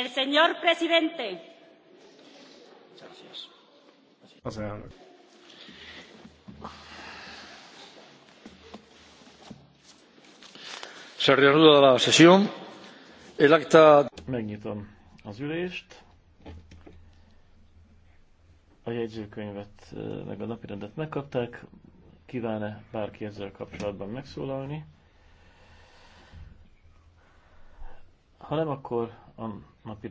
El señor presidente. Az elnök. Se reanuda la sesión. El acta... Megnyitom az ülést. A jegyzőkönyvet eh, meg a napirendet megkapták. Kíván-e bárki ezzel kapcsolatban megszólalni? Ha nem, akkor a napi